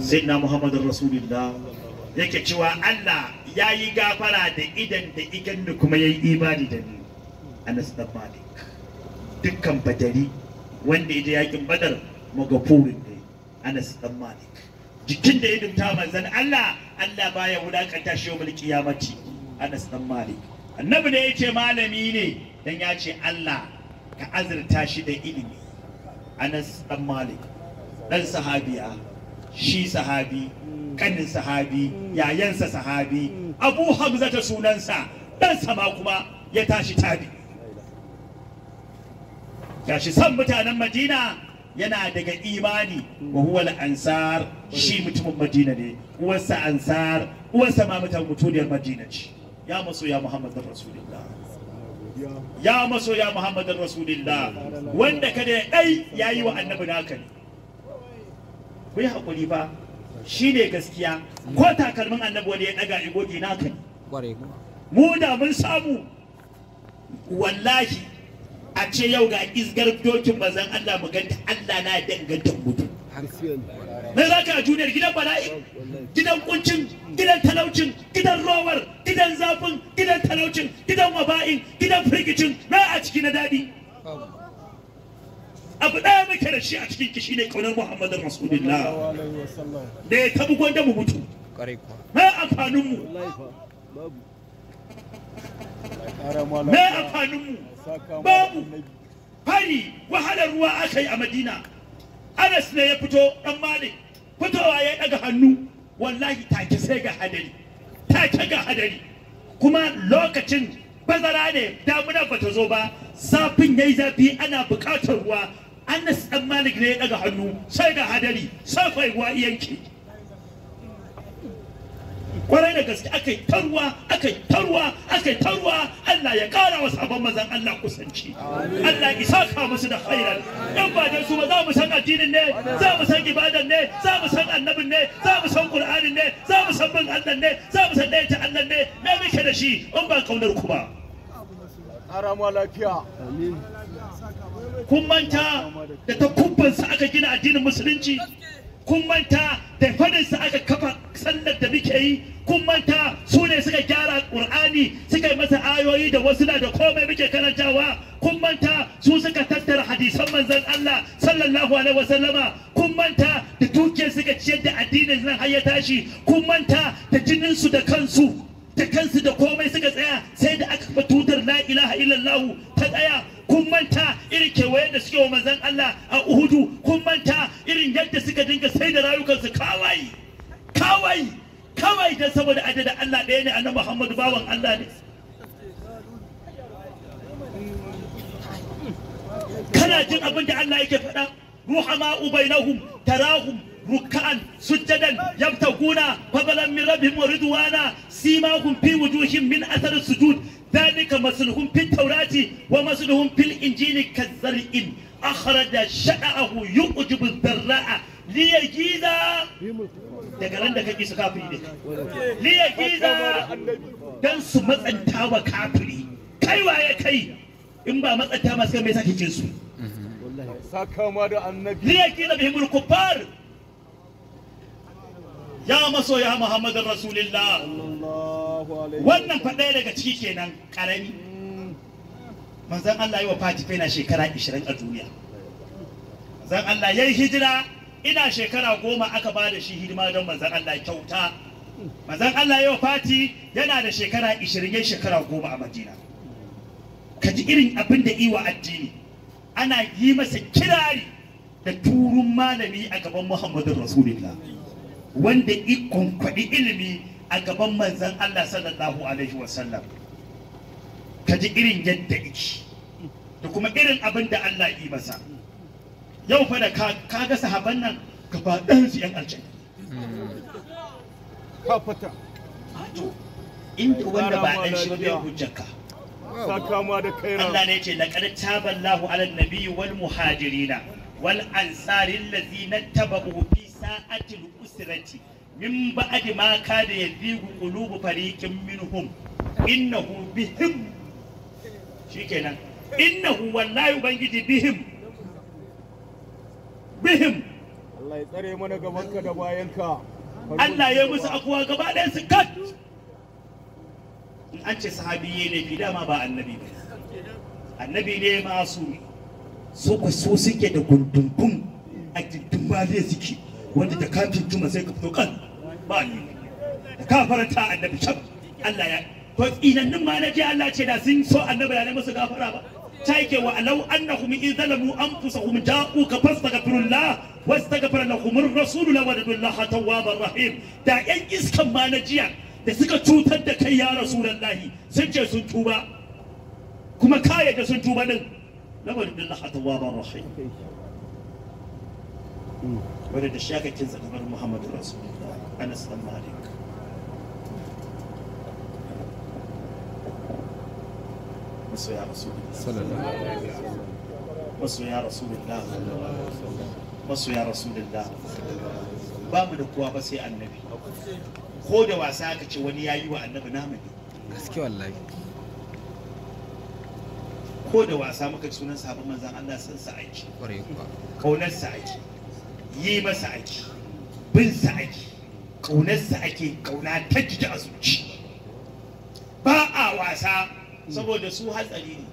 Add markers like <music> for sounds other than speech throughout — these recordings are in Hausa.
sayyidina muhammadu rasulullah yake cewa Allah ya yi gafara da idan da idan da kuma ya yi imani da ni anas dan malik dukkan badari wanda ya je yakin badar magafurin ne anas dan malik jikin da idin ta manzan Allah Allah baya wulakanta shi yawmul qiyamati anas dan malik annabi ne yace malami ne dan ya ce Allah ka azurta shi da ilimi anas dan malik dan sahabiya shi sahabi mm. kanin sahabi mm. yayansa sahabi mm. abu hamza ta sunansa dan sama kuma ya tashi tabi Ya shi san mutanen madina yana daga imani wa huwa ansar shi mutumin madina ne uwarsa ansar uwarsa ma mutan mutuniyar madina ce ya maso ya muhammad rasulullah ya maso ya muhammad rasulullah wanda kada ya dai yayi wa annabi naka ne ku yi haƙuri ba shi ne gaskiya ko takalmin annabi wani ya ɗaga igogi na kai mu da mun samu wallahi a ce yau ga izgar dokin bazan Allah mu ganta Allah na danganta mutum me za ka juniyar gidan bala'i gidan kuncin gidan talaucin gidan rowar gidan zafin gidan talaucin gidan waba'in gidan firgicin na a ciki na daɗi abu ɗaya muke da shi a cikin kishi ne ƙaunar Muhammadu rasulullah da ya tabi gwanda mu mutu mai amfaninmu mai amfaninmu babu fari wahalar ruwa aka yi a madina anas ne ya fito dan male fitowa ya daga hannu wallahi take sai ga hadari take ga hadari kuma lokacin bazara ne damuna ta zo ba zafin yayi zafi ana bukatar ruwa Anas dan Malik ne ya daga hannu sai ga hadari sai faiwa yanke kwarai da gaske aka yi tarwa aka tarwa aka tarwa Allah ya kara wa sabon mazan Allah kusanci Allah isa ka musu da khairan dan ba dai su ba za mu san addinin ne za mu san ibadan ne za mu san annabin ne za mu san qur'anin ne za mu san bin Allah ne za mu san dai ta Allah ne me muke da shi in ba kaunar ku ba aramu lafiya amin kun manta da sa aka gina addinin musulunci kun manta da sa aka kafa sallar da muke yi kun manta su ne suka gyara ƙur'ani suka yi masa ayoyi da wasu da komai muke karantawa kun manta su suka tattara hadisan manzon Allah sallallahu alaihi wasallama kun manta da dukiyar suka ciyar da addinin nan har ya tashi kun manta da su da kansu da kansu da komai ruhama'u bainahum tarahum ruka'an sujjadan yabtaguna fadalan min rabbihim wa ridwana simahum fi wujuhihim min athari sujud dhalika masluhum fi tawrati wa masluhum fil injili kazzar'in akhraja sha'ahu yu'jibu dharra'a liya jiza daga nan da kake su kafiri ne liya jiza dan su matsanta wa kafiri kai waye kai in ba matsanta masu kai me sake kin saka ma da annabi liyaki da bihimul kuffar ya maso ya muhammadin rasulillah wannan faɗaya daga ciki kenan ƙarami manzan Allah yi wa fatife na shekara 20 a duniya manzan Allah ya yi hijira ina shekara goma aka ba da shi hidima don manzan Allah kyauta manzan Allah yi wa fati yana da shekara 20 ya shekara goma a madina ka ji irin abin da iwa addini ana yi masa kirari da turun malami a gaban Muhammadu rasulullah wanda ikon kwaɗi ilimi a gaban manzan allah sallallahu alaihi wasallam ka ji irin yadda iki da kuma irin abin da allah yi masa yau fa da ka ga sahaban nan gaba ɗansu yan aljanna inda wanda ba ɗan shi ba bai hujjaka sakama da kaira Allah ne ce laqad taballahu ala nabiyyi wal muhajirina wal ansari allazina tabahu fi sa'atil usrati min ba'di ma kada yadhibu qulubu fariqin minhum innahu bihim shikenan innahu wallahi ubangiji bihim bihim Allah ya tsare mana da Allah ya musu akuwa gaba ɗayan su kat in an ce sahabi ya laifi dama ba annabi ba annabi ne masu so ku so suke da gundunkun a gindin ba zai suke wanda da kafin juma sai ka fito kan ba ni da ka faranta annabi shab Allah ya to inannin ma na je Allah ce da sun so annabi da musu gafara ba ta yake wa alau annahum in zalamu anfusahum ja'uka fastaghfirullah wastaghfir lahum ar-rasul lawadullah tawwabar rahim da yan iskan ma na jiya da suka cutar da kai ya rasulullahi sun ce sun tuba kuma ka yadda sun tuba din lamar da shakakin muhammadu rasulullah anas dan malik rasulullah rasulullah rasulullah ba mu da ba sai annabi ko da wasa aka ce wani ya yi wa annabi nama ne gaske wallahi ko da wasa muka ci sunan sabon manzan Allah san sa aiki kaunar sa aiki yi masa aiki bin sa aiki kaunar sa ake kauna ta jiji a zuci ba a wasa saboda su hatsari ne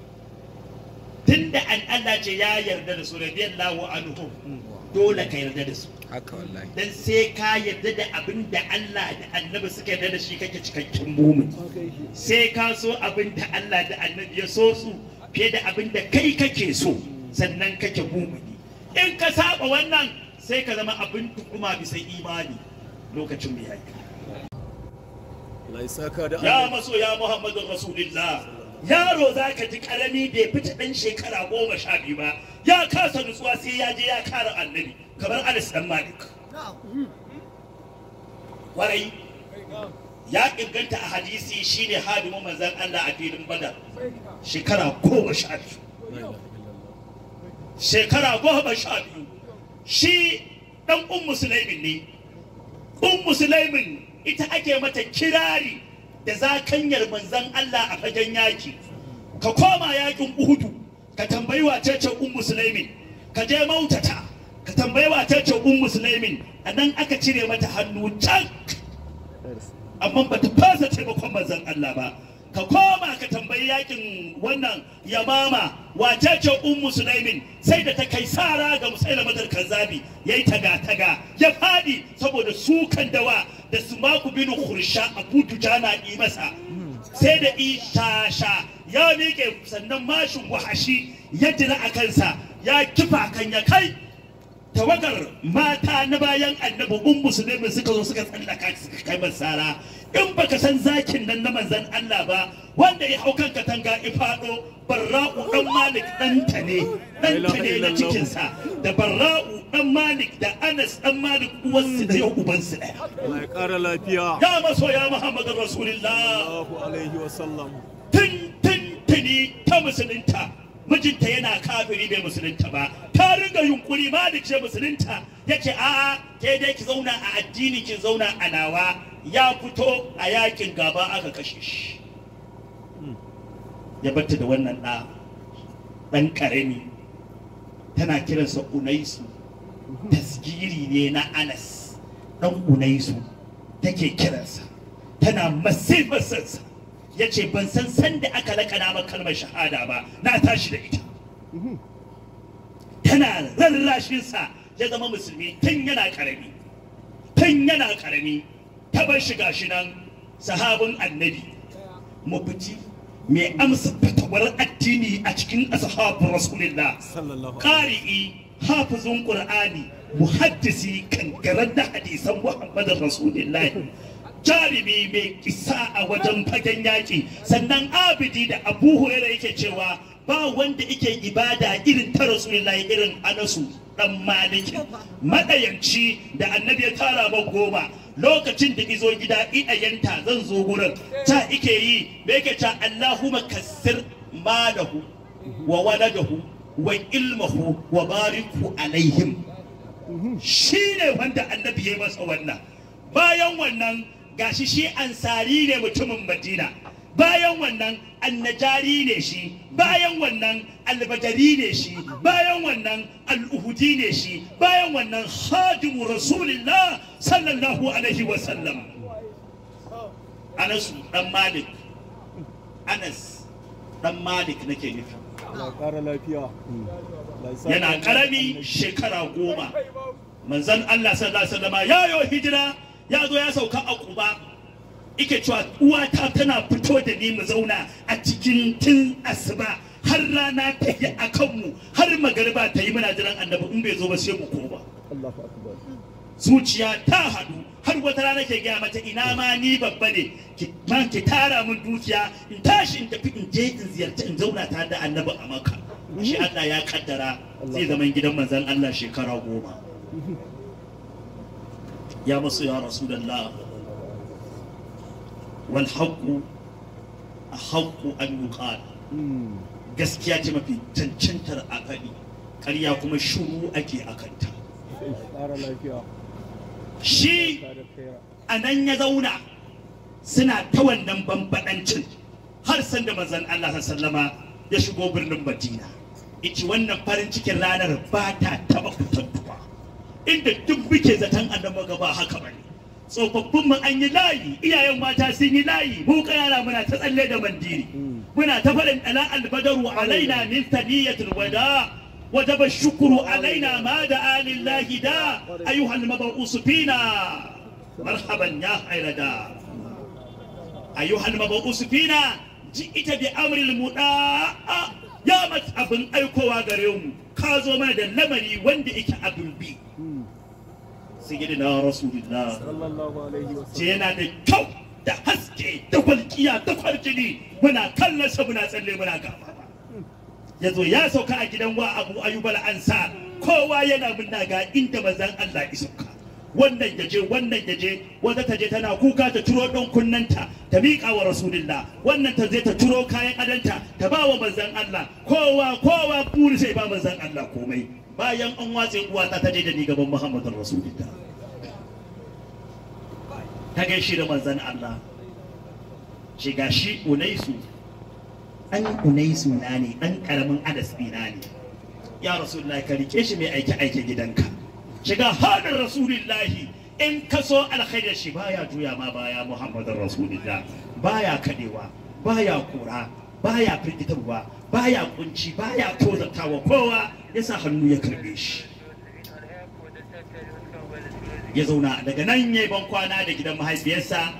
tunda an Allah ce ya yarda da su radiyallahu anhu mm. dole ka yarda da su haka wallahi dan sai ka yarda da abin da Allah da annabi suka yarda da shi kake cikakken mumin sai ka so abin da Allah da annabi ya so su fiye da abin da kai kake so sannan kake mumini in ka saba wannan sai ka zama abin tukuma bisa imani lokacin mu ya maso ya muhammadin rasulullah yaro za ka ji karami bai fita ɗan shekara goma sha biyu ba ya kasa nutsuwa sai ya je ya kara annabi kamar anas dan malik warai ya inganta a hadisi shine hadimin manzan allah a filin badar shekara goma sha biyu shekara goma sha biyu shi dan un musulmin ne un musulmin ita ake mata kirari da zakanyar manzan Allah a fagen yaki ka koma yakin uhudu ka tambayi wa ce um musulmin ka je mautata ka tambayi wa ce um musulmin a nan aka cire mata hannu can amma ba bata fasa taimakon manzan Allah ba ka koma ka tambayi yakin wannan yamama wace ce ummu sulaimin sai da ta kai sara ga musailamatul ya yayi taga taga ya fadi saboda sukan dawa da su maku bin khursha abu jana yi masa sai da sha, ya miƙe sannan mashin wahashi ya jira a kansa ya kifa kan ya kai tawagar mata na bayan annabi ummu sulaimin suka zo suka tsallaka suka kai masara in baka san zakin nan na manzan Allah ba wanda ya hau kanka tanga ifado barra'u dan malik dan ne dan ne na cikinsa da barra'u dan malik da anas dan malik su da yau su daya. Allah ya kara lafiya ya maso ya muhammadu rasulullah sallallahu alaihi wasallam tun tin tini ta musulunta mijinta yana kafiri bai musulunta ba ta ringa yunkuri ma da ce musulunta yake a'a ke dai ki zauna a addini ki zauna a nawa ya fito a yakin gaba aka kashe shi ya batta da wannan da ɗan ƙarami tana kiransa unaisu tasgiri ne na anas ɗan unaisu take kiransa tana masifarsa ya ce ban san sanda aka lakana ma kalmar shahada ba na tashi da ita mhm. tana rarrashinsa ya zama musulmi tun yana ƙarami tun yana karami ta bar shiga shi nan sahabin annabi mafiti mai amsa fatawar addini a cikin ashabu rasulillah ƙari'i hafizun ƙur'ani muhaddisi kangarar da hadisan muhammadin rasulillah <laughs> jarumi mai kisa a wajen fagen yaki, sannan abidi da abu huraira yake cewa ba wanda yake ibada irin ta rasulullahi irin anasu dan maliki madayanci da annabi ya tara ba goma lokacin da izo gida iyayenta zan zo gurin ta ike yi me yake ta Allahumma kassir malahu wa waladahu wa ilmahu wa bariku alaihim shine wanda annabi ya masa wannan bayan wannan gashi shi ansari ne mutumin madina bayan wannan annajari ne shi bayan wannan albajari ne shi bayan wannan al'uhudi ne shi bayan wannan hadimu rasulillah sallallahu alaihi wasallam anas dan malik anas dan malik nake nufi yana karami shekara goma manzan allah sallallahu alaihi wasallama yayo hijira ya zo ya sauka a kuba ike cewa uwata tana fito da ni mu zauna a cikin tun asuba har rana ta yi a kanmu har magariba ta yi muna jiran annabi in bai zo ba sai mu koma zuciya ta hadu, har wata rana ke gaya mata ina ma ni babba ne ki tara min dukiya in tashi in tafi in je in ziyarci in zauna ta da annabi a maka shi Allah ya kaddara zai zaman gidan manzon Allah shekara goma ya masu ya da wal a haqqu an yuqal gaskiya ce mafi cancantar a faɗi ƙarya kuma shuru ake kanta. shi a nan ya zauna suna ta wannan bambadancin har sanda mazan Allah sallama ya shigo birnin Madina ici wannan farin cikin ranar ba ta taba fitattu inda duk muke zaton annabawa ga ba haka ba ne tsofaffin mu an yi layi iyayen mata sun yi layi mu ƙarara muna ta tsalle da mandiri muna ta faɗin ɗala albadaru alaina min taniyatul wada wa daba shukuru alaina ma da alillahi da ayyuhal mabu'usu fina marhaban ya haira da ayyuhal mabu'usu fina ji ita bi amril muda ya mat abin aikowa gare mu ka zo mana da lamari wanda yake abin biyu sayyidina rasulullah yana da kyau da haske da walƙiya da kwarjini muna kallon sa muna tsalle muna gaba ya zo ya sauka a gidan wa abu ayyubal ansa kowa yana binna ga inda manzon Allah isauka. wannan ya je wannan ya je wanda ta je tana kuka ta turo don kunnanta ta miƙa wa rasulillah wannan ta je ta turo kayan adanta ta ba wa manzon Allah kowa kowa buri sai ba manzon Allah komai bayan an watsin uwata ta je da ni gaban Muhammadu rasulullah ta gaishe da manzan allah shi ga shi unaisu an unaisu na ne dan karamin adas na ne ya rasulullahi ka rike shi mai aiki aiki gidanka shiga hadar rasulullahi in ka so alkhairi shi baya juya ma baya muhammadun rasulullah baya kadewa baya kura baya firgitarwa baya kunci baya tozartawa kowa yasa hannu ya karbe shi ya zauna daga nan ya yi bankwana da gidan mahaifiyarsa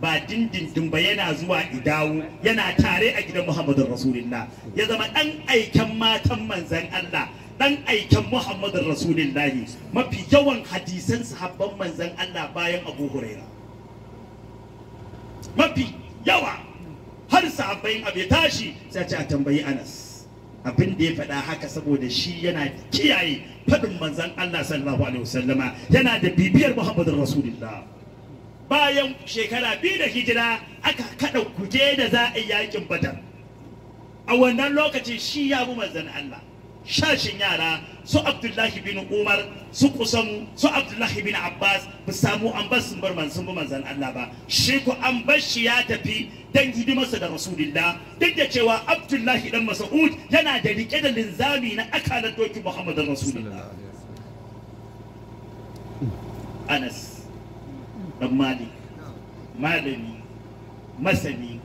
ba dindindin ba yana zuwa idawu yana tare a gidan muhammadu rasulillah ya zama dan aiken matan manzan allah dan aiken muhammadu rasulillah mafi yawan hadisan sahabban manzan allah bayan abu huraira mafi yawa har sahabbai abu ya tashi sai ce a tambayi anas abin da ya faɗa haka saboda shi yana kiyaye faɗin manzan Allah sallallahu alaihi wasallama yana da bibiyar Muhammadu Rasulullah bayan shekara biyu da hijira aka kaɗa kuje da za a yi yakin badar a wannan lokacin shi ya bi manzan Allah shashin yara su abdullahi bin umar su kusamu su abdullahi bin abbas ba samu an bar sun bar sun bi manzan allah ba shi ku an bar shi ya tafi dan hidimarsa da rasulullah duk da cewa abdullahi dan mas'ud yana da rike da linzami na akalar dokin muhammad rasulullah anas dan malik malami masani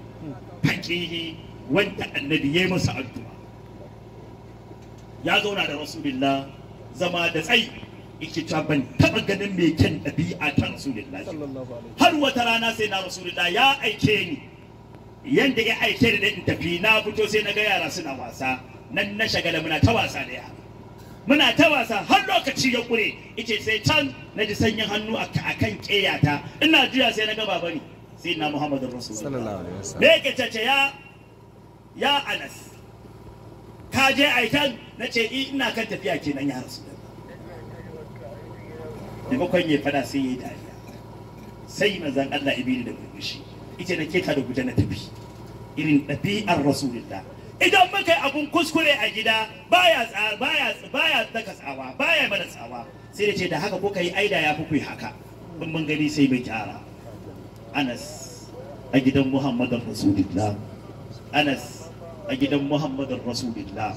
fakihi wanda annabi ya yi masa addu'a ya zauna da rasulullah zama da tsayi yake ta ban taba ganin mai kyan ɗabi'a ta rasulullah har wata rana sai na rasulullah ya aike ni yanda ya aike da in tafi na fito sai na ga yara suna wasa nan na shagala muna ta wasa da yara muna ta wasa har lokaci ya kure ice sai can na ji sanyin hannu a kan ƙeyata ina juya sai na gaba bari sai na muhammadu rasulullah me ke ya ya anas ka je kan na ce eh, ina kan tafiya kenan ya rasu ba kwanye fada sai ya yi dariya sai manzan Allah ibini da murmushi ita na keta da guda na tafi irin ɗabi'ar rasulullah idan muka yi abun kuskure a gida baya baya baya daka tsawa baya mana tsawa sai da ce da haka ko yi aida ya fi haka in mun gani sai mai kyara anas a gidan muhammadan rasulullah anas a gidan muhammadin rasulullah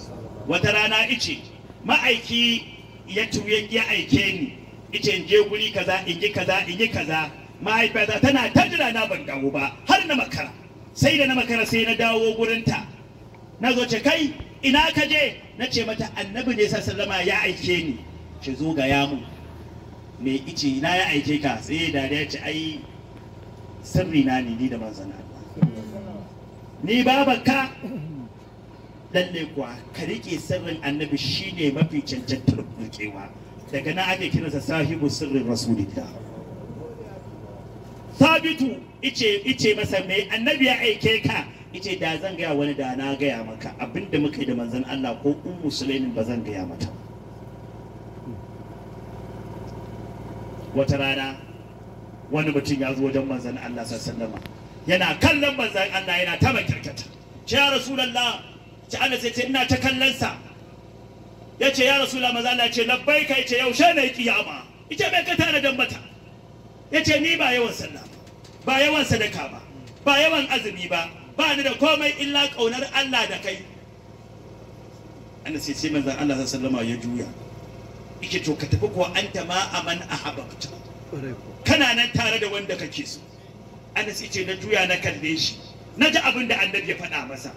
wata rana ice ma'aiki ya tuye ya aike ni ice in je guri kaza in yi kaza in yi kaza mahaifiyata tana ta jira na ban dawo ba har na makara sai da na makara sai na dawo gurinta na zo ce kai ina ka je na ce mata annabi ne sallama ya aike ni ce zo ga yamu me ice ina ya aike ka sai da ya ce ai sirri na ne ni da manzana ni babanka lalle kuwa ka rike sirrin annabi shine mafi cancantar dukewa daga nan ake kiransa sahibu sirrin rasulillah sabitu ice ice masa mai annabi ya aike ka ice da zan gaya wani da na gaya maka abinda muka yi da manzon Allah ko ummu sulaimin ba zan gaya mata wata rana wani mutum ya zo wajen manzon Allah sallallahu alaihi wasallam yana kallon manzon Allah yana ta kirkata ya rasulullah ci ana sai ce ina ta kallonsa ya ce ya rasu maza Allah ce labbai ka ce yaushe ne kiyama ita mai ka tana dan mata ya ce ni ba yawan sallah ba yawan sadaka ba ba yawan azumi ba ba ni da komai illa kaunar Allah da kai ana sai sai manzon Allah sallama ya juya yake to ka tafi kuwa anta ma aman ahabbta kana nan tare da wanda kake so ana sai ce na juya na kalle shi na ji abin da annabi ya faɗa masa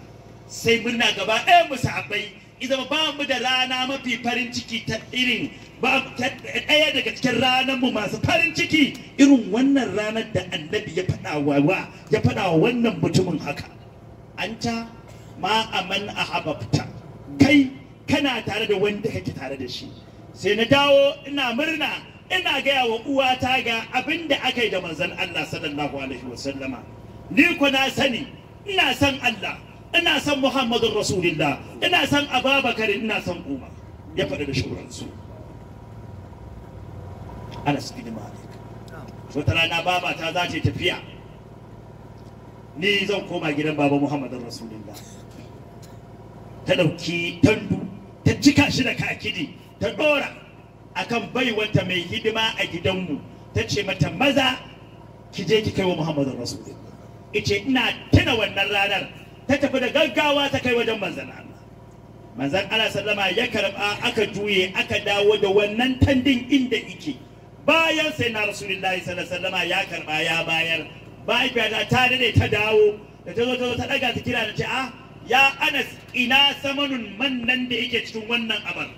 sai muna gaba ɗaya mu sahabbai ita ba mu da rana mafi farin ciki ta irin ba ɗaya daga cikin ranar mu masu farin ciki irin wannan ranar da annabi ya faɗa wa ya faɗa wa wannan mutumin haka anta ma aman ahabbta kai kana tare da wanda kake tare da shi sai na dawo ina murna ina gaya wa uwata ga abin da aka yi da manzon Allah sallallahu alaihi wasallama ni ko na sani ina san Allah ina son muhammadun rasulillah ina son ababakar ina son umar ya faɗi da shuransu anas bin malik wata rana baba ta za ta tafiya ni zan koma gidan baba muhammadun rasulillah ta ɗauki tandu ta cika shi da kakidi ta ɗora akan baiwanta mai hidima a gidanmu ta ce mata maza ki je ki kai wa muhammadun rasulillah ice ina tuna wannan ranar ta tafi da gaggawa ta kai wajen manzan Allah manzan Allah sallama ya karba aka juye aka dawo da wannan tandin inda ike bayan sai na rasulullahi sallama ya karba ya bayar bayan ta dade ta dawo da ta zo ta zo ta daga ta kira da ce ah ya anas ina samanun mannan da yake cikin wannan abar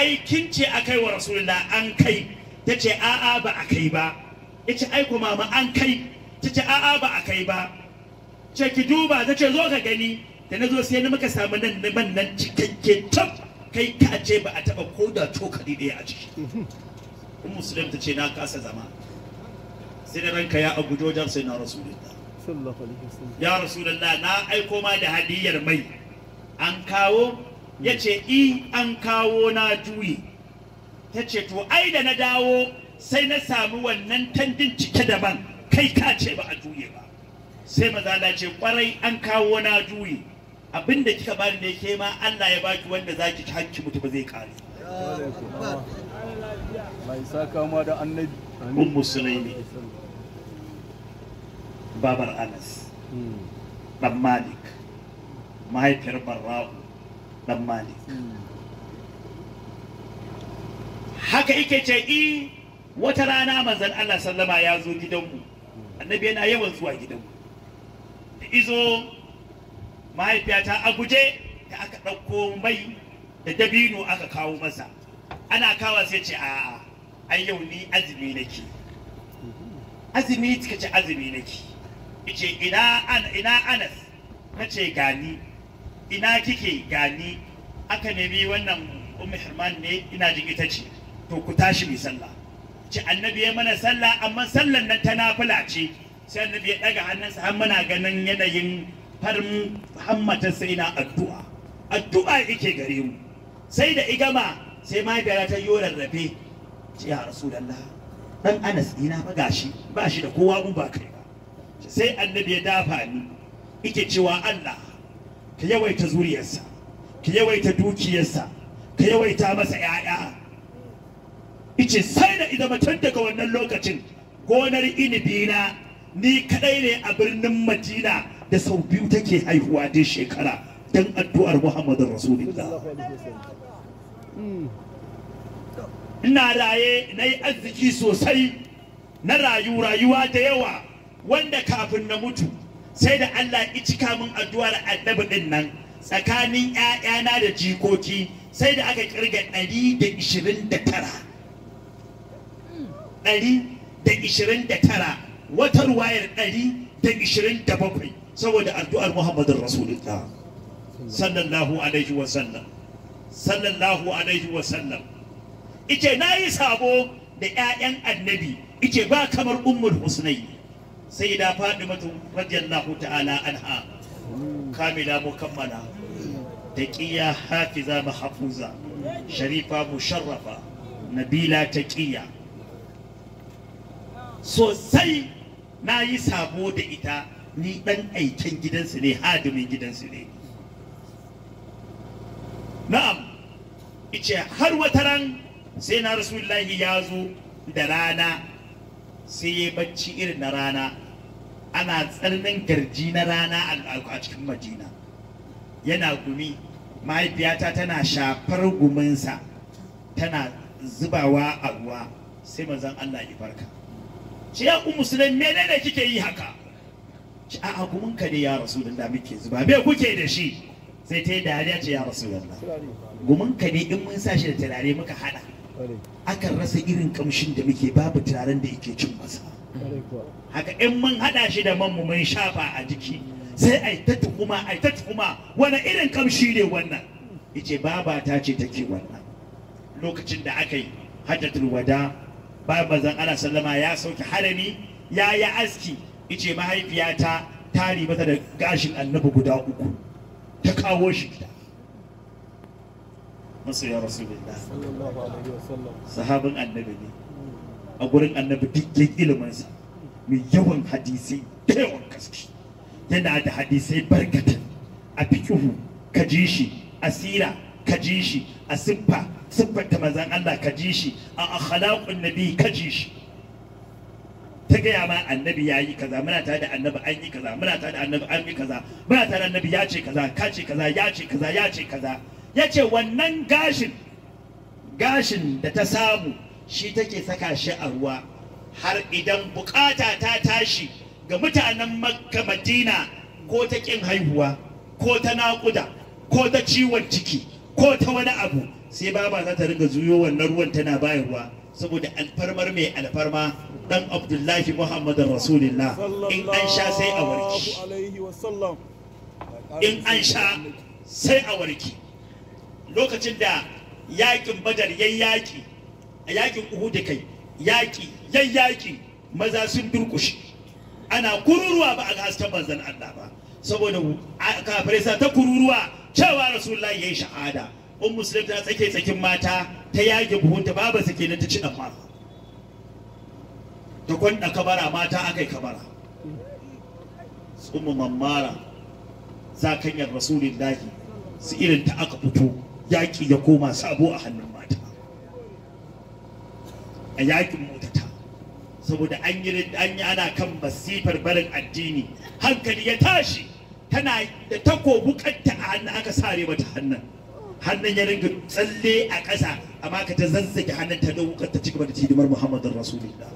aikin ce a kai wa rasulullah an kai ta ce a'a ba a kai ba ya ce ai kuma ma an kai ta ce a'a ba a kai ba ce ki duba ta ce zo ka gani da na zo sai na muka samu nan man nan cikakke tab kai ka ce ba a taba ko da cokali ɗaya a ciki in umm musulun ta ce na kasa zama sai da ranka ya abu jojar sai na rasulullah ya rasulullah na aiko ma da hadiyar mai an kawo ya ce i an kawo na juyi ta ce to ai da na dawo sai na samu wannan tandin cike daban kai ka ce ba a juye ba sai mazala ce kwarai an kawo na juyi abinda kika bani ne ke ma Allah ya baki wanda zaki ci hakki mutu ba zai kare mai saka da annabi babar anas hmm. dan malik mahaifiyar barra'u dan malik haka ike ce i wata rana manzan Allah sallama ya zo gidanmu annabi yana yawan zuwa gidanmu da izo mahaifiyata a guje da aka ɗauko mai da dabino aka kawo masa ana kawo sai ce a ai yau ni azumi nake azumi kika ce azumi nake ke. ina ina anas ce gani ina kike gani aka nemi wannan ummu hirman ne ina jin ita ce to ku tashi mai sallah ce annabi ya mana sallah amma sallan nan ta nafila ce sai annabi ya daga hannunsa har muna ganin yanayin farin sai na addu'a addu'a yake gare mu sai da igama sai mahaifiyar ta yi rarrafe ce ya rasulallah dan anas ina fa gashi ba shi da kowa in ba kai ba sai annabi ya dafa ni yake cewa Allah ka yawaita zuriyarsa ka yawaita dukiyarsa ka yawaita masa 'ya'ya ice sai da idan daga wannan lokacin gonar inibina ni kadai ne a birnin madina da sau biyu take haihuwa da shekara don addu'ar Muhammadu rasulullah ina raye na yi arziki sosai na rayu rayuwa da yawa wanda kafin na mutu sai da allah cika min addu'ar annabi ɗin nan tsakanin 'ya'yana da jikoki sai da aka kirga 129 129 wata ruwayar ɗari da ishirin da bakwai saboda addu'ar muhammadin rasulullah sallallahu alaihi wa sallam sallallahu alaihi wa sallam ice na yi sabo da ƴaƴan annabi ice ba kamar ummul husnai sai da fadimatu radiyallahu ta'ala anha kamila mukammala taqiya hafiza mahfuza sharifa musharrafa nabila taqiya sosai na yi sabo da ita ni ɗan aikin gidansu ne hadimin gidansu ne na'am ice har wata ran sai na rasulullahi ya zo da rana sai ya bacci irin na rana ana tsarnin garji na rana a cikin majina yana gumi mahaifiyata tana shafar guminsa tana zubawa a ruwa sai mazan Allah ya barka ce ya ku musulai menene kike yi haka ce a'a gumin ka ne ya rasulullah muke zuba me kuke da shi sai ta yi dariya ce ya rasulullah gumin ka ne in mun sa shi da turare muka hada akan rasa irin kamshin da muke babu turaren da yake cin masa haka in mun hada shi da manmu mun shafa a jiki sai ai ta a ai ta tukuma wani irin kamshi ne wannan ice baba ta ce take wannan lokacin da aka yi hajjatul wada bayan manzon Allah sallama ya sauke harami ya yi aski ice mahaifiyata ta mata da gashin annabi guda uku ta kawo shi gida masu ya rasu rasulullah sahabin annabi ne a gurin annabi dukkan iliminsa mai yawan hadisai da yawan gaske yana da hadisai barkatan a fikihu ka ji shi a sira ka ji shi a siffa siffar da manzan Allah ka ji shi a akhlaqun nabi ka ji shi ta gaya ma annabi ya yi kaza muna tare da annabi an yi kaza muna tare da annabi an yi kaza muna tare da annabi ya ce kaza ka ce kaza ya ce kaza ya ce kaza ya ce wannan gashin gashin da ta samu shi take saka shi a ruwa har idan bukata ta tashi ga mutanen makka madina ko ta kin haihuwa ko ta naƙuda ko ta ciwon ciki ko ta wani abu sai baba za ta riga zuyo wannan ruwan tana bayarwa saboda alfarmar mai alfarma dan abdullahi Muhammadu rasulullah in an sha sai a warki in an sha sai a warki lokacin da yakin badar yaki a yakin da kai yaki yaki maza sun durkushe ana kururuwa ba a ga hasken manzon Allah ba saboda kafirai sa ta kururuwa cewa rasulullahi yayi shahada un musulun ta tsake tsakin mata ta yage buhunta babu suke na ta ci dan mara ta kwanɗa kabara mata aka yi kabara tsumu mammara za kanyar rasulillahi su irin ta aka fito yaƙi ya koma sabo a hannun mata a yaƙin motata saboda an yi ana kan masifar barin addini hankali ya tashi tana da takobukatta a hannu aka sare mata hannun hannun ya ringa tsalle a ƙasa amma ka ta zazzage hannun ta wukar ta cigaba da tidimar muhammadin rasulillah.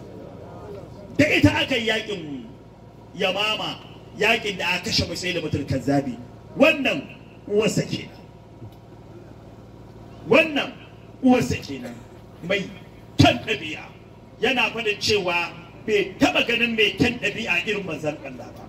da ita aka yi yakin yamama yaƙin da a kashe musai da mutum kazzabi wannan uwarsa kenan wannan uwarsa kenan mai kyan ɗabi'a yana faɗin cewa bai taɓa ganin mai kyan ɗabi'a irin manzan Allah ba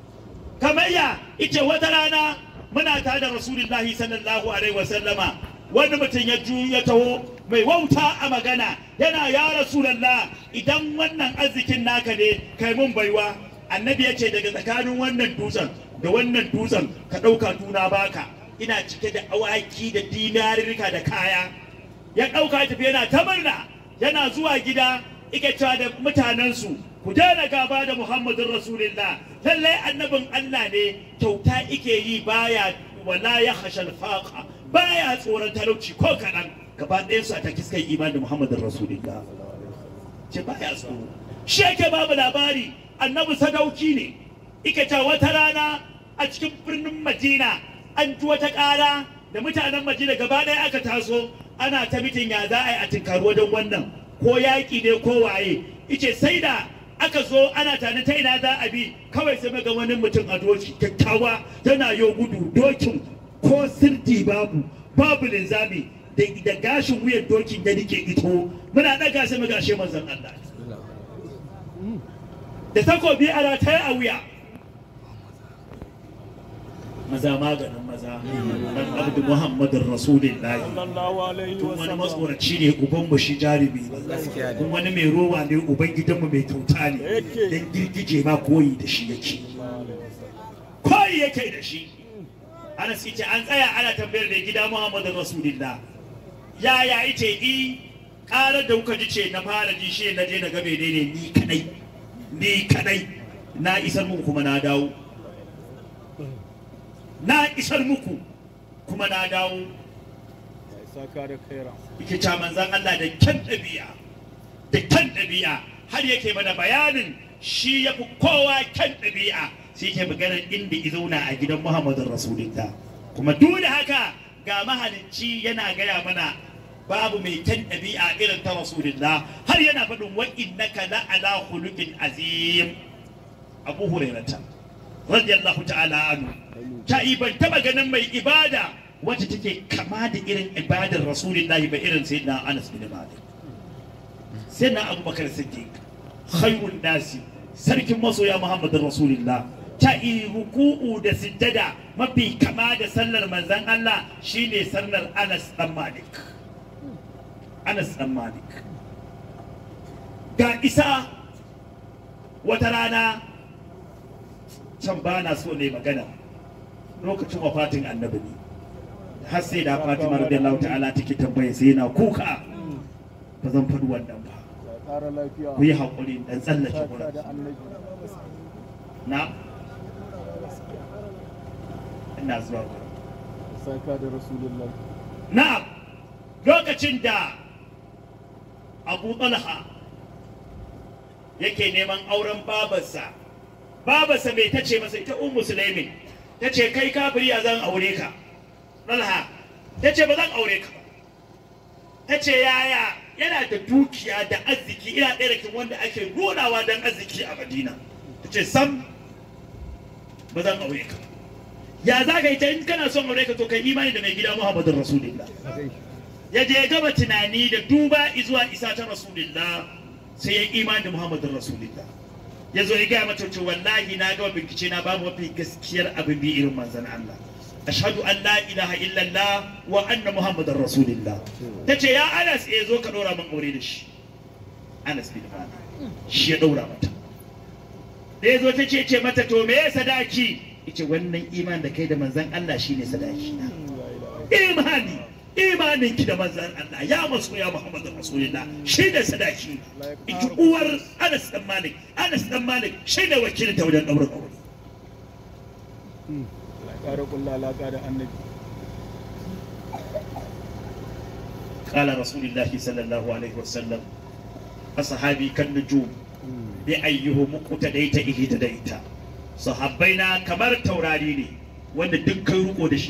kamar ya ita wata rana muna tare da rasulullahi sallallahu alaihi wasallama wani mutum ya juya ya taho mai wauta a magana yana ya rasulallah idan wannan arzikin naka ne kai mun baiwa annabi ya ce daga tsakanin wannan dutsen da wannan dutsen ka ɗauka tuna baka ina cike da awaki da dinarirka da kaya ya ɗauka tafi yana ta murna yana zuwa gida ike da mutanensu ku daina gaba da muhammadun rasulillah lallai annabin allah ne kyauta ike yi baya wala ya hashal faqa baya tsoron talauci ko kaɗan gaba ɗaya su a ta kiskan imani muhammadin rasulullah ce baya tsoro shi yake babu labari annabi sadauki ne ike ta wata rana a cikin birnin madina an ji wata ƙara da mutanen madina gaba ɗaya aka taso ana ta mitin ya za a yi a tinkaru wajen wannan ko yaƙi ne ko waye ice sai da aka zo ana tani ta ina za a bi kawai sai ga wani mutum a doki kyakkyawa tana yo gudu dokin ko sirti babu babu linzami da gashin wuyan dokin da nake ito muna ɗaga sai mu gashe manzon Allah da takobi a rataye a wuya maza maganin maza dan abdu muhammadin rasulullahi tun wani matsoraci ne uban mu shi jarumi kun wani mai rowa ne uban gidanmu mai kyauta ne dan girgije ma koyi da shi yake koyi yake da shi suke ce an tsaya ana tambayar mai gida muhammadu rasulullah yaya ite yi karar da kuka ji ce na fara ji shi na je na ga ne ni kadai ni kadai na isar muku kuma na dawo na isar muku kuma na dawo yake ca manzan Allah da kyan ɗabi'a da kyan ɗabi'a har yake mana bayanin shi ya fi kowa kyan ɗabi'a shi ke maganar inda izauna a gidan muhammadin rasulullah kuma duk da haka ga mahalicci yana gaya mana babu mai kyan ɗabi'a irin ta rasulullah har yana faɗin wa'in na la ala hulukin azim abu hurairata radiyallahu ta'ala anu ta iban taba ganin mai ibada wacce take kama da irin ibadar rasulullahi ba irin na anas bin malik sayyidina abubakar siddiq khairun nasi sarkin masoya muhammadin rasulullah tai ruku'u da sujjada mafi kama da sallar manzan Allah shine sallar Anas dan Malik Anas dan Malik ga isa wata rana can ba na so ne magana lokacin wafatin annabi ne har sai da Fatima radiyallahu ta'ala take tambaye sai na kuka ba zan faɗi wannan ba ku yi haƙuri dan tsallake gurin na ina zuwa gurin saka da rasulullah na'am lokacin da abu talha yake neman auren babarsa babarsa mai tace masa ita un musulmi ta ce kai kafiri a zan aure ka talha ta ce ba zan aure ka ba ta ce yaya yana da dukiya da arziki ina ɗaya da kin wanda ake nunawa don arziki a madina ta ce sam ba zan aure ka ba ya za ka yi ta in kana son aure ka to kai imani da mai gida muhammadin rasulillah ya je gaba tunani da duba zuwa isa ta rasulillah sai ya imani da muhammadin rasulillah ya zo ya gaya mata to wallahi na gaba bincike na babu mafi gaskiyar abin bi irin manzan Allah ashhadu an la ilaha illallah wa anna muhammadar rasulillah ce ya Anas ya eh, zo ka dora min aure da shi Anas bin Malik shi ya dora mata da yazo ta ce ce mata to me sadaki yace wannan iman da kai da manzan Allah shi ne sadaki imani imanin ki da manzan Allah ya maso ya Muhammad Rasulullah shi ne sadaki inji uwar Anas dan Malik Anas dan Malik shi ne wakilin ta wajen daurin aure ƙara kulla alaƙa da annabi قال رسول الله صلى الله عليه وسلم أصحابي كالنجوم بأيه مقتديت إهتديت sahabbai na kamar taurari ne wanda duk kai ruko da shi